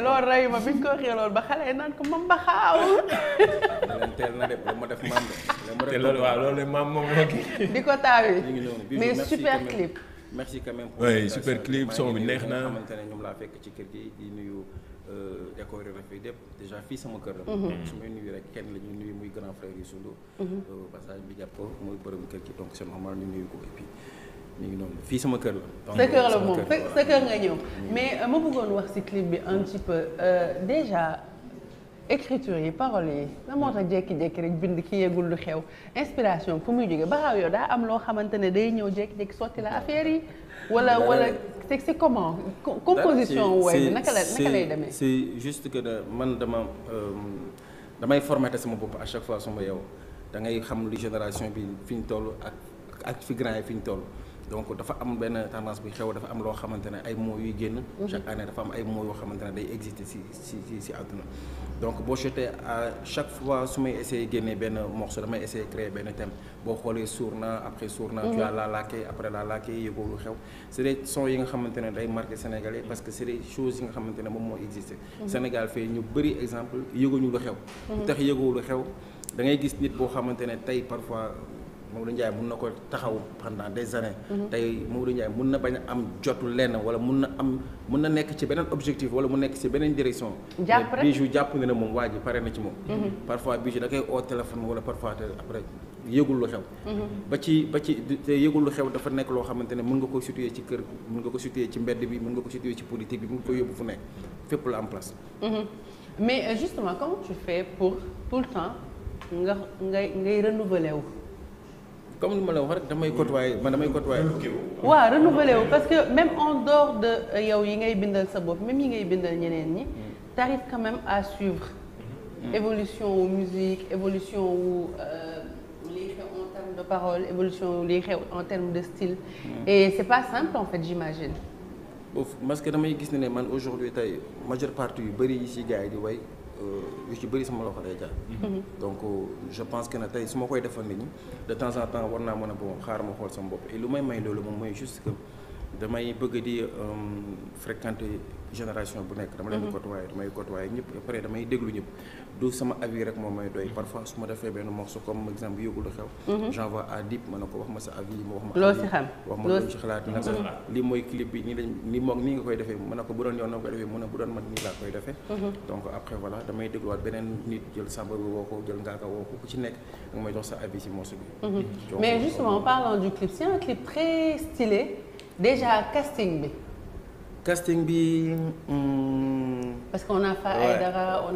loolu rey ma bi ñu ko waxee loolu ba xale yi naan ko ba ma def maam de. te loolu waaw loolu maam moom la kii. di ko taawi mais super clip. merci quand même pour oui super bi neex na xamante ne ñoom laa fekk ci kër gi di nuyu euh, école revue yëpp déjà fii sama kër la. Mhm. su may nuyu rek kenn la ñu nuyu muy grand frère yi Sundu. Mhm. Euh, passage bi jàpp mooy muy kër gi donc c'est normal ñu nuyu ko et mi fii sama kër la. sa kër la moom sa kër nga ñëw. mais euh, ma bëggoon wax ci clip bi un petit peu euh, déjà écriture yi paroles yi la moo tax jékki-jékki rek bind ki yegul lu xew inspiration fu muy jógee baxaaw yow daa am loo xamante ne day ñëw jékki-jékki sotti la affaire yi. wala wala euh, c'est c'est comment. composition wooy bi naka la naka lay demee. si juste de man dama damay formaté sama bopp a chaque fois su ma dangay da ngay xam li génération bi fi ñu toll ak ak fi grand yi fi ñu toll. donc dafa am benn tendance bu xew dafa am loo xamante ne ay mots yuy génn. Mhm. chaque année dafa am ay mots yoo xamante ne day exister si si donc boo jotee à chaque fois su may essayer génne benn morceau damay essayer créer benn thème boo xoolee suur na après suur na. tu mhm. as la laakee après la laakee yëgoo lu xew. c'est des sons yi nga xamante ne day marqué sénégalais parce que c'est des choses yi nga xamante moom moo existé. Mhm. Sénégal fee ñu bëri exemple yëguñu lu xew. lu tax yëgoo lu xew ngay gis nit boo xamante ne tey parfois. Mamadou Ndiaye mun na ko taxaw pendant des années. Mhm. tey Mamadou Ndiaye mun na bañ a am jotu lenn wala mun na am mun na nekk ci beneen objectif wala mu nekk ci beneen direction. jàpp rek Bijou jàpp na ne moom waa ji pare na ci moom. Mhm. parfois Bijou da ba mhm. ba ci te dafa nekk loo xamante ne mun nga ko situer ci kër mun nga ko situer ci mbedd bi mun nga ko situer ci politique bi mun nga ko yóbbu fu nekk fépp la am place. mais euh, justement comment tu pour tout le temps comme li ma la wax rek damay côtoyer man damay côtoyer. waaw renouveler wu parce que même en dehors de euh, yow yi ngay bindal sa bopp même yi ngay bindal ñeneen ñi. Mm-hmm. t'arrives quand même à suivre. Mm-hmm. évolution wu musique évolution wu euh, liy xew en termes de parole évolution wu liy xew en terme de style. Mm-hmm. et c'est pas simple en fait j'imagine. parce que damay gis ne man aujourd'hui tey majeure partie yu bëri yi si gars di way. Euh, yu ci bëri sama loxo day jaar. Mhm. Mhm. donc je pense que ne tey su ma koy defal nit de temps en temps war naa mën a bon xaar ma xool sama bopp lu may may loolu moom mooy juste que. damay bëgg di euh, fréquenter génération bu nekk dama leen di mhm. côtoyer damay côtoyer ñëpp après damay déglu ñëpp du sama avis rek moom may doy mhm. parfois su ma defee beneen nit jël sàmba bi jël ngaaka woo ku ci nekk danga may jox sa avis si morceau bi mhm. mais justement parlons du clip c'est un clip très stylé déjà casting bi. casting bi. Hmm. parce que on a Fa Aïdara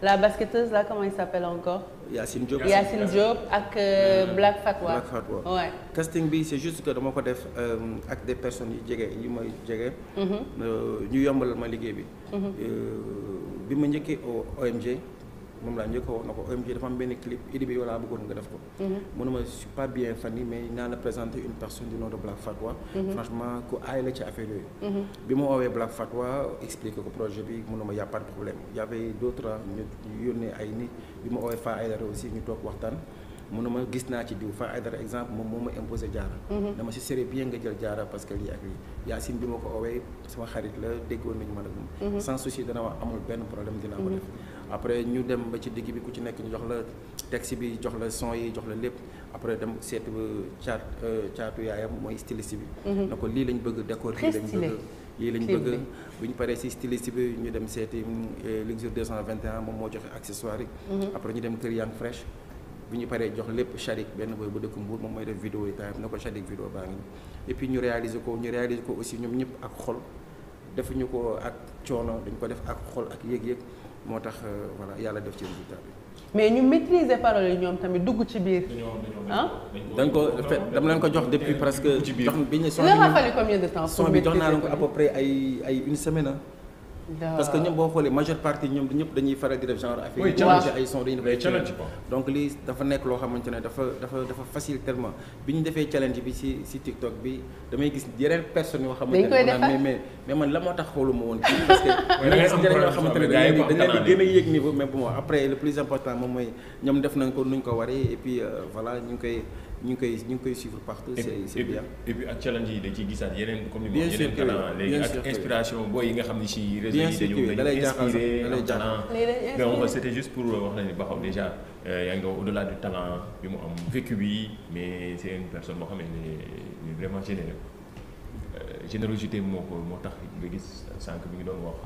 la basketteuse là comment il s'appelle encore. Yacine Diop Yacine ak euh, Black Fatwa. Black Fatwa ouais. casting bi c'est juste que def euh, ak des personnes yu jege yu may jege. Mhm. Euh, ñu yombalal ma liggéey bi. Mhm. bi ma njëkkee au OMG. moom laa njëkk a wax na ko OMG dafa am benn clip idée bi yow laa nga def ko. mënuma mhm. je pas bien fan yi mais naa la présenter une personne du nom Black Fatwa. Mhm. franchement ku aay la ci affaire yooyu. Mhm. bi ma woowee Black Fatwa expliqué ko projet bi mënuma y' a pas de problème y' avait d' autres ñu yónnee ay nit bi ma woowee Faa Aydara aussi ñu toog waxtaan. mënuma gis naa ci diw Faa Aydara exemple moom moo ma imposé jaara. dama si serait bien nga jël que lii ak lii Yacine bi ma après ñu dem ba ci digg bi ku ci nekk ñu jox la texte bi jox la son yi jox la lépp après dem seet caat euh, caatu yaayam mooy styliste bi. Mhm. na ko lii lañu bëgg décor lii lañ bëgg. lii lañ bëgg bu ñu paree ci styliste bi ñu dem seeti euh, moom moo joxe accessoire yi. Mhm. après ñu dem kër Yang Fresh. bu ñu paree jox lépp Charik benn booy bu dëkk Mbour moom mooy def vidéo yi tamit na ko Charik vidéo baa ngi nii. ñu réaliser ko ñu réaliser ko aussi ñoom ñëpp ak xol defuñu ko ak coono dañ ko def ak xol ak yéeg yëg moo tax euh, voilà yàlla def ci résultat mais ñu maîtriser parole yi ñoom tamit dugg ci biir. ah dañ ko dama leen ko jox depuis presque. ci biir jox bi ñu. son bi jox naa la ko à peu ay ay une semaine parce que ñoom boo xoolee majeure partie ñoom ñëpp dañuy faral di def genre affaire yi def challenge ne dafa dafa dafa facile bi ñu defee challenge bi si si TikTok bi damay gis yeneen personnes yoo xamante ne mais mais mais man la moo tax xooluma woon parce que ñeneen ñoo xamante ne dañ leen di gën a yéeg niveau mais bon après le plus important moom mooy ñoom def nañ ko nuñ ko waree et puis euh, voilà ñu koy ñu ngi koy ñu ngi koy suivre partout. c' est c' est bien et puis ak challenge yi da ciy gisaat yeneen comme ni ma yeneen talent léegi ak inspiration booy yi nga xam ne ci réseau yi dañu dañu inspiré am talent pour euh, wax la ni Bakhaw déjà euh, yaa ngi au bi mu am vécu bi mais seen personne boo xam ne vraiment généreux euh, générosité moo ko moo tax nga gis sànq bi ngi doon wax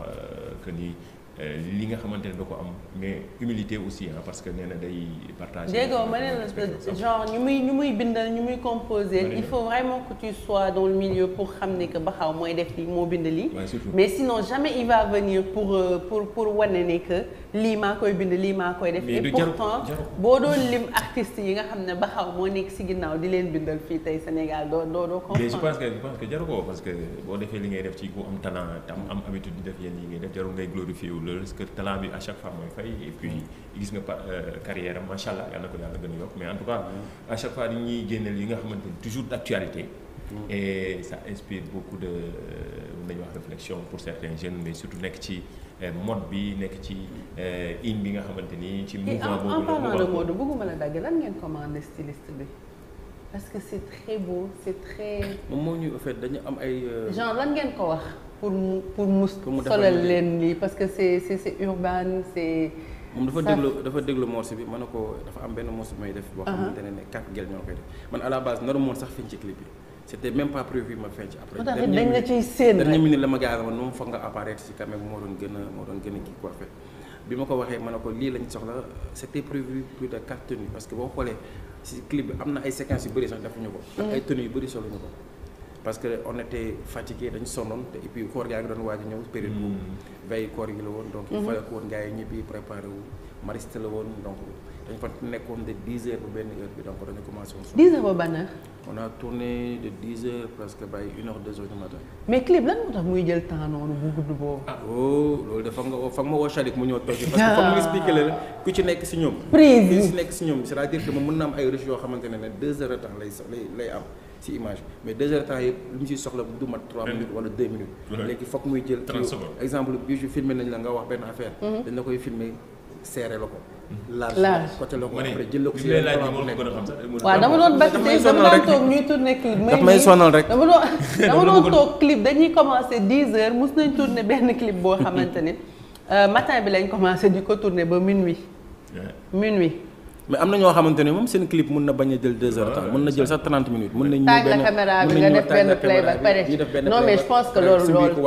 que ni. Euh, li nga xamante ne da ko am mais humilité aussi ah parce que nee na day partager. déggoo ma ne la genre ñu muy ñu bindal ñu muy composer il faut vraiment que tu sois dans le milieu pour xam ne que xaw mooy def lii moo bind lii. mais sinon jamais il va venir pour euh, pour pour wane ne que lii maa koy bind lii maa koy def. et pourtant boo doon lim artistes yi nga xam ne Baxaw moo nekk si ginnaaw di leen bindal fii tey Sénégal doo doo doo. jaru ko parce que boo defee li ngay def ci ku am talent am am habitude di def yenn yi ngay def jaru ngay loolu risque que talent bi à chaque fois mooy fay et puis gis nga pa euh, carrière am macha allah yàlla ko yàlla gën a yokk mais en tout cas nga xamante ni toujours d' actualité. Mm. et ça inspire beaucoup de euh, wax réflexion pour certains jeunes mais surtout nekk ci euh, mode bi nekk ci in bi nga xamante ni. ci mouvement boobu la en parce que c' moom moo ñuy en dañu am ay. genre lan ngeen ko wax. pour mu pour mu. solal leen lii parce que c'est c'est c'est urbain c'est. moom dafa déglu dafa déglu morceau bi mën na ko dafa am benn morceau bi may def. boo uh-huh. xamante ne ne Cap Guel ñoo à la ci clip moo doon gën a moo doon gën a kii quoi fait bi ma ko waxee ma ne ko lii lañ soxla c' était prévu plus de quatre tenues parce que boo xoolee si clip bi am na ay séquences yu bëri sax defuñu ko. ak mm. ay tenues yu bëri soluñu ko. parce que on était fatigué dañu sonnoon te et puis koor ngi doon waaj ñëw période boobu mm. veille koor gi la woon donc il mm-hmm. fallait que woon gars mariste la woon donc dañ fa nekkoon de dix heures bu benn heure bi donc dañu commencé woon dix heures ba ban heure on a tourné de dix heures presque bay une heure deux heures du matin mais clip lan muy jël temps noonu bu gudd boobu ah, oh, loolu dafa nga fa nga ma woo Chalik mu ñëw toog ah. fa mu expliqué la ku ci nekk si ñoom prise nekk si ñoom c'est-à-dire moom mën na am ay rush yoo xamante ne ne deux heures de temps lay lay am si image mais deux heures temps yëpp lu mu siy soxla du mat trois minutes wala deux minutes léegi foog muy jël exemple bi ju filmé nañ la nga wax benn affaire mhm. dañ la koy seere la ko mhm. large côté la ko jël la ko si waaw dama doon bàcc tey dama doon toog ñuy tourné clip may may sonal rek dama doon dama doon toog clip dañuy commencé dix heures mos nañ tourné benn clip boo xamante ne euh, matin bi lañ commencé di ko tourné ba minuit minuit mais am na ñoo xamante ne moom seen clip mun na bañ a jël deux mun na jël sax trente minutes. mun nañu taaj la caméra bi nga def benn play ba pare non mais je pense que loolu loolu.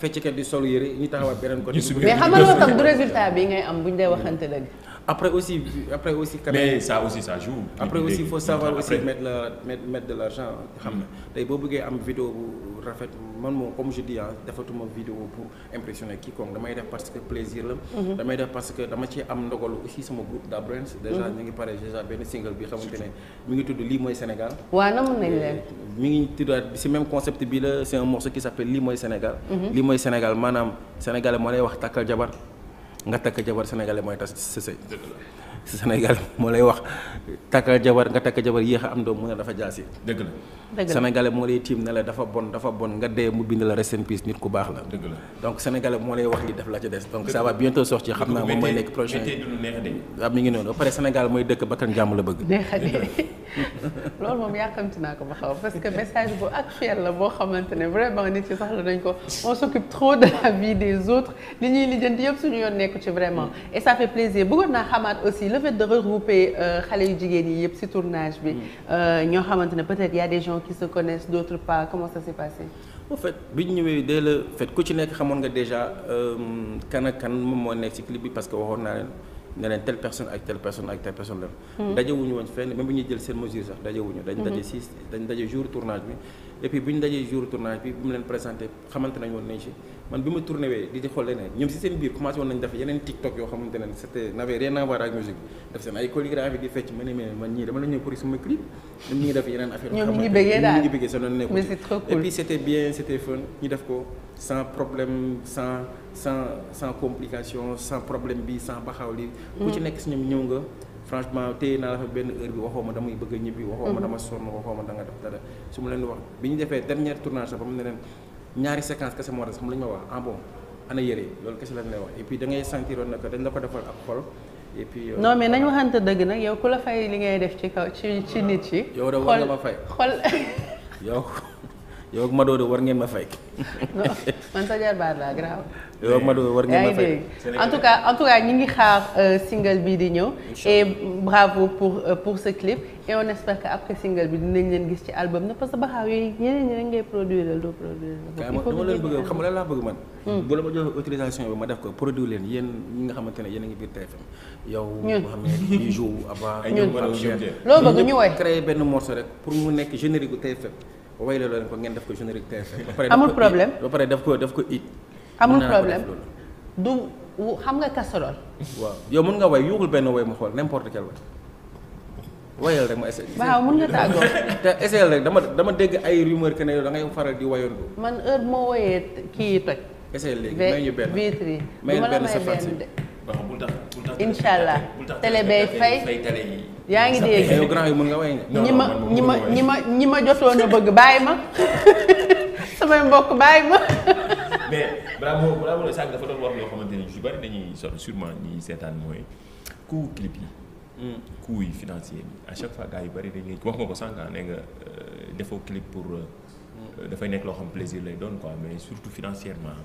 fecckat di sol yëre ñu taxawaat beneen côté. mais xam nga loolu tam du résultat bi ngay am buñ dee waxante dëgg. après aussi après aussi. mais ça aussi ça joue. après aussi faut savoir aussi mettre la mettre mettre de l'argent xam na mm. tey boo bëggee am vidéo bu rafet man moom comme je dis ah defatuma vidéo pour impressionner quiconque damay def parce que plaisir la. Mm-hmm. damay def parce que dama ci am ndogalu aussi sama groupe Da Brains. déjà mm-hmm. ñu ngi pare déjà benn single bi xamante ne mi ngi tudd lii mooy Sénégal. waaw namoon nañ leen. mi ngi tuddaat si même concept bi la c'est un morceau qui s'appelle lii mooy Sénégal. Mm-hmm. lii mooy Sénégal maanaam sénégalais moo lay wax takkal jabar. nga takk jabar sénégalais mooy tas sa sëy Sénégal moo lay wax takkal jabar nga takk jabar yéex a am doom mu ne dafa jaasi. dëgg moo lay tiim ne la dafa bon dafa bon nga dee mu bind la rest in nit ku baax la. donc sénégalais moo lay wax li def la ci des. donc ça va bientôt sortir mooy dëkk bakkan jàmm la bëgg. loolu moom yàkkamti naa ko ba xaw parce que message bu actuel la boo xamante ne vraiment nit yi soxla nañ ko on s'occupe trop de la vie des autres li ñuy lijjanti yëpp suñu yoon le fait de regrouper euh, xale yu jigéen yi yëpp ci tournage bi. Mm. Euh, ñoo xamante ne peut-être y a des gens qui se connaissent d'autres pas comment ça s'est passé. en ñëwee dès le ku ci nekk xamoon nga déjà euh, kan ak kan moom moo nekk ci clip bi parce que waxoon naa ne leen telle personne ak telle personne ak telle personne la. Mm. dajewuñu woon fenn même bu ñuy jël seen mesure sax dajewuñu. Mm-hmm. dañ daje si dañ daje jour tournage bi. et puis bu ñu dajee jour tournage bi bu mu leen présenté xamante nañ woon nañ ci man bi ma tourné wee di di xool leneen ñoom si seen biir commencé woon nañ def yeneen TikTok yoo xamante ne c'était n'avait rien à voir di fecc ma ne man ñii dama la ñëw pour sama clip ñoom ñi ngi yeneen affaire ñoom ñi ngi bëggee daal ñi ngi bëggee bien c'était fun ñu def ko sans problème sans sans complication sans problème bi sans baxaw li ku ci mm. nekk si ñoom ñëw nga franchement téye naa la fa benn heure bi waxoo ma damay bëgg ñibbi. waxoo ma mhm. dama sonn waxoo ma da def dara su ma leen wax bi ñu defee dernier tournage sax ba mu ne leen ñaari séquence kese moo des xam la ñu ma wax en ah bon ana yëre loolu kese lañ lay wax et puis da ngay sentir dañ la ko defal ak xol. et puis euh, non mais nañ waxante dëgg nag yow ku la fay li ngay def ci kaw ci nit yi. yow de war nga ma fay xol yow. yow ak Madodo war ngeen ma fay. man sa jarbaat laa grave. yow ak Madodo war ngeen ma fay. en tout cas en tout cas ñi ngi xaar euh, single bi di ñëw. et bravo pour euh, pour ce clip. et on espère que après single bi dinañ leen gis ci album na parce que baxaaw yooyu ñeneen ñi ngay produire la doo produire la. il faut dama leen bëgg xam nga lan laa bëgg man. Hmm. bu la ma jox autorisation bi ma def ko produire leen yéen ñi nga xamante ne yéen a ngi biir TFM. yow Mouhamed benn morceau rek nekk way loolu leen ko ngeen def ko générique TFM. amul problème ba pare daf ko def ko it. amul problème du xam nga casserole. waaw yow mun nga way yuuxul benn way ma xool n'importe quel way. ma essayé. waaw mën nga tàggoo. te essayé rek dama dama dégg ay rumeur que ne yow da ngay faral di wayandu. man heure moo wooyee kii yi toj. essayé léegi may ñu benn vitre yi. may benn sa fan si. waaw bul tax bul tax. incha allah fay. yaa ngi dégg yow grand yi mën nga way ñi ma ñi ma ñi ma ñi ma a bëgg bàyyi ma samay mbokk bàyyi ma. mais bravo bravo la sànq dafa doon wax loo xamante ne yu bari dañuy so sûrement ñi seetaan mooy coût clip yi. bi hmm. à chaque fois gars yu bari dañuy wax nga ko sànq nee nga euh, defoo pour. Euh, hmm. dafay nekk loo xam plaisir lay doon quoi mais surtout financièrement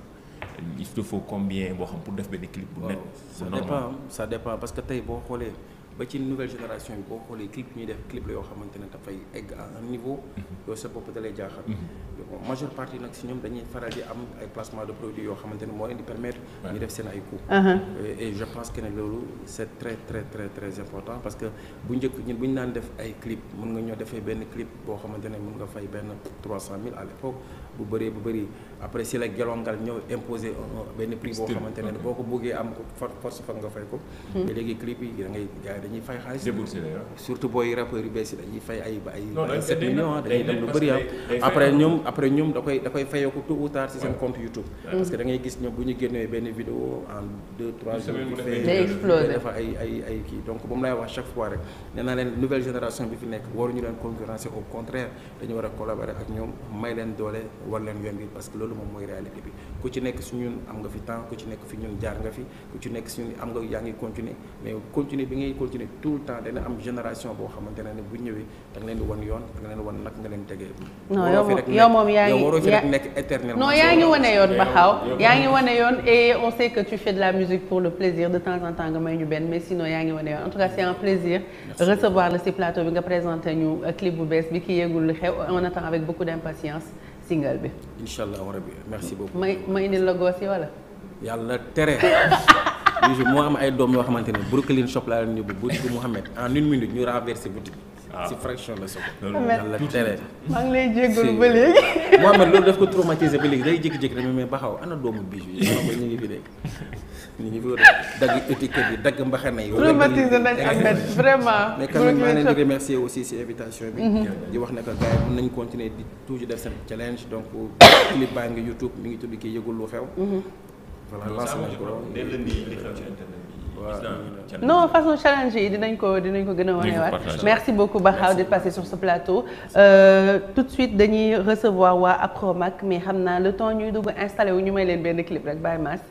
il te faut combien boo xam pour def benn clip bu net. c'est normal parce que tey boo xoolee. ba ci nouvelle génération bi boo xoolee clip ñuy def clip la yoo xamante ne dafay egg à un niveau mhm. yow sa bopp dalay jaaxal mhm. bon majeure nag si ñoom dañuy faral di am ay placement de produits yoo xamante ne moo leen di permettre ñu def seen ay coups uh-huh. et je pense que ne loolu c'est très très très très important parce que bu njëkk ñun bu ñu naan def ay clip mën nga ñoo defee benn clip boo xamante ne mën nga fay benn trois cent mille à l'époque bu bëree bu bëri après si la gelongal ñëw imposer benn ne boo ko bëggee am force fa nga dañuy fay xaalis. surtout booy rappeurs yu bees yi dañuy fay ay ay. ay 7 millions dañuy dem lu bëri am. Ah. après ñoom après ñoom da koy da koy fayeeku tôt ou seen compte YouTube. parce que da gis ñoom bu ñu génnee benn vidéo en 2 3 jours. day explosé dafa ay ay kii donc ba mu lay wax chaque fois rek nee naa leen nouvelle génération bi fi nekk waruñu leen concurrencer au contraire dañu war a collaborer ak ñoom may leen doole war leen yoon bi parce que loolu moom mooy réalité bi ku ci nekk su ñun am nga fi temps ñun jaar nga fi ku ci nekk su ñun am nga continuer tout le temps dana am génération boo xamante ne bu ñëwee da nga leen wan yoon da nga leen wan nag nga leen tegee. non yow moom yaa ngi waroo fi rek nekk éternellement. yoon ba on sait que tu fais de la musique pour le plaisir de temps nga may ñu benn mais sinon yaa ngi wane yoon en tout cas c'est un la ci plateau bi nga présenter ñu euh, clip bu bees bi ki yéegul xew on attend avec beaucoup d'impatience single bi. incha allah rabi may may indil la gosse yi wala. yàlla tere. Bijou moo am ay doom yoo xamante ne Brooklyn shop laa leen yóbbu boutique Mouhamed en une minute ñu renversé boutique bi. Ah. si maa ngi lay jégalu ba léegi. Mouhamed loolu daf ko traumatisé ba léegi day jékki-jékki dañu may baxaw ana doomu Bijou yi ñu ngi fi ñu fi war a dagg yi dagg mbaxana yi. traumatisé nañ Ahmed vraiment. mais quand même maa leen di aussi si invitation bi. Mhm. di wax na que gars yi mën nañu continuer di toujours def seen challenge donc clip baa ngi YouTube mi ngi tudd kii yëgul lu xew. Mhm. voilà lancé nañ ko dès non façon challenge yi dinañ ko dinañ ko gën a wane waat merci beaucoup Bakhaw d'être passé sur ce plateau. Euh, tout de suite dañuy recevoir waa Acromac mais xam naa le temps ñuy dugg installé wu ñu may leen benn clip rek bàyyi maas.